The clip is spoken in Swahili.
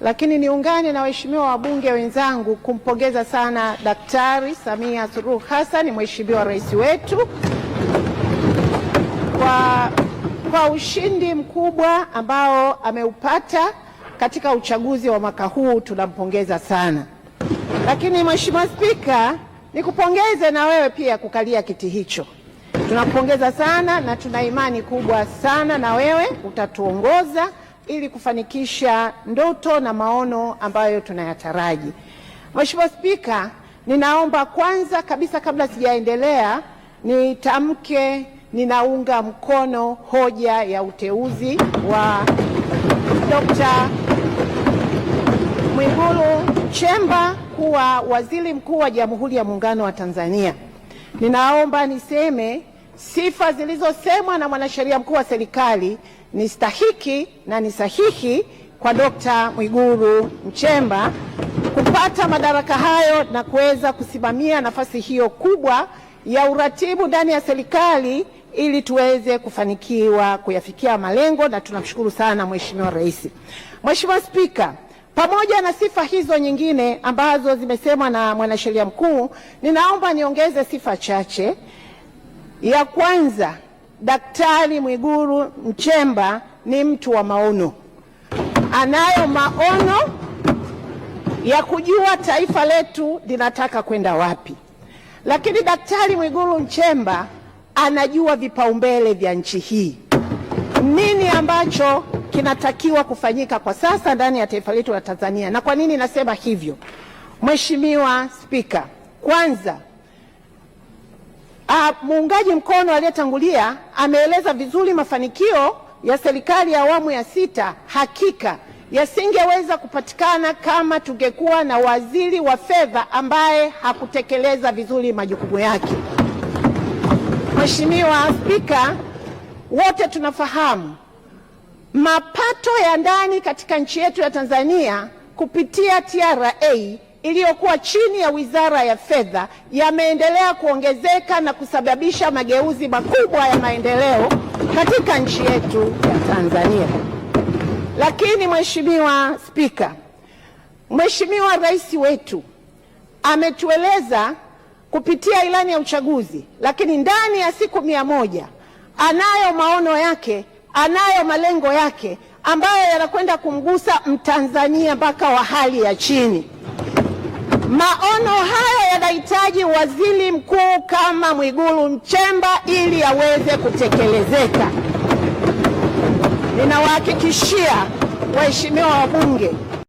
Lakini niungane na waheshimiwa wabunge wenzangu kumpongeza sana Daktari Samia Suluhu Hassan, mheshimiwa rais wetu kwa, kwa ushindi mkubwa ambao ameupata katika uchaguzi wa mwaka huu, tunampongeza sana. Lakini mheshimiwa Spika, nikupongeze na wewe pia kukalia kiti hicho, tunakupongeza sana na tuna imani kubwa sana na wewe utatuongoza ili kufanikisha ndoto na maono ambayo tunayataraji. Mheshimiwa Spika, ninaomba kwanza kabisa kabla sijaendelea nitamke ninaunga mkono hoja ya uteuzi wa Dr. Mwigulu chemba kuwa Waziri Mkuu wa Jamhuri ya Muungano wa Tanzania. Ninaomba niseme sifa zilizosemwa na mwanasheria mkuu wa serikali ni stahiki na ni sahihi kwa Dokta Mwigulu Nchemba kupata madaraka hayo na kuweza kusimamia nafasi hiyo kubwa ya uratibu ndani ya serikali ili tuweze kufanikiwa kuyafikia malengo, na tunamshukuru sana Mheshimiwa Rais. Mheshimiwa Spika, pamoja na sifa hizo nyingine ambazo zimesemwa na mwanasheria mkuu, ninaomba niongeze sifa chache. Ya kwanza Daktari Mwigulu Nchemba ni mtu wa maono, anayo maono ya kujua taifa letu linataka kwenda wapi. Lakini Daktari Mwigulu Nchemba anajua vipaumbele vya nchi hii, nini ambacho kinatakiwa kufanyika kwa sasa ndani ya taifa letu la Tanzania. Na kwa nini nasema hivyo? Mheshimiwa Spika, kwanza Uh, muungaji mkono aliyetangulia ameeleza vizuri mafanikio ya serikali ya awamu ya sita hakika yasingeweza kupatikana kama tungekuwa na waziri wa fedha ambaye hakutekeleza vizuri majukumu yake. Mheshimiwa Spika, wote tunafahamu mapato ya ndani katika nchi yetu ya Tanzania kupitia TRA iliyokuwa chini ya Wizara ya Fedha yameendelea kuongezeka na kusababisha mageuzi makubwa ya maendeleo katika nchi yetu ya Tanzania. Lakini Mheshimiwa Spika, Mheshimiwa Rais wetu ametueleza kupitia ilani ya uchaguzi, lakini ndani ya siku mia moja anayo maono yake, anayo malengo yake ambayo yanakwenda kumgusa Mtanzania mpaka wa hali ya chini. Maono hayo yanahitaji waziri mkuu kama Mwigulu Nchemba ili yaweze kutekelezeka. Ninawahakikishia waheshimiwa wabunge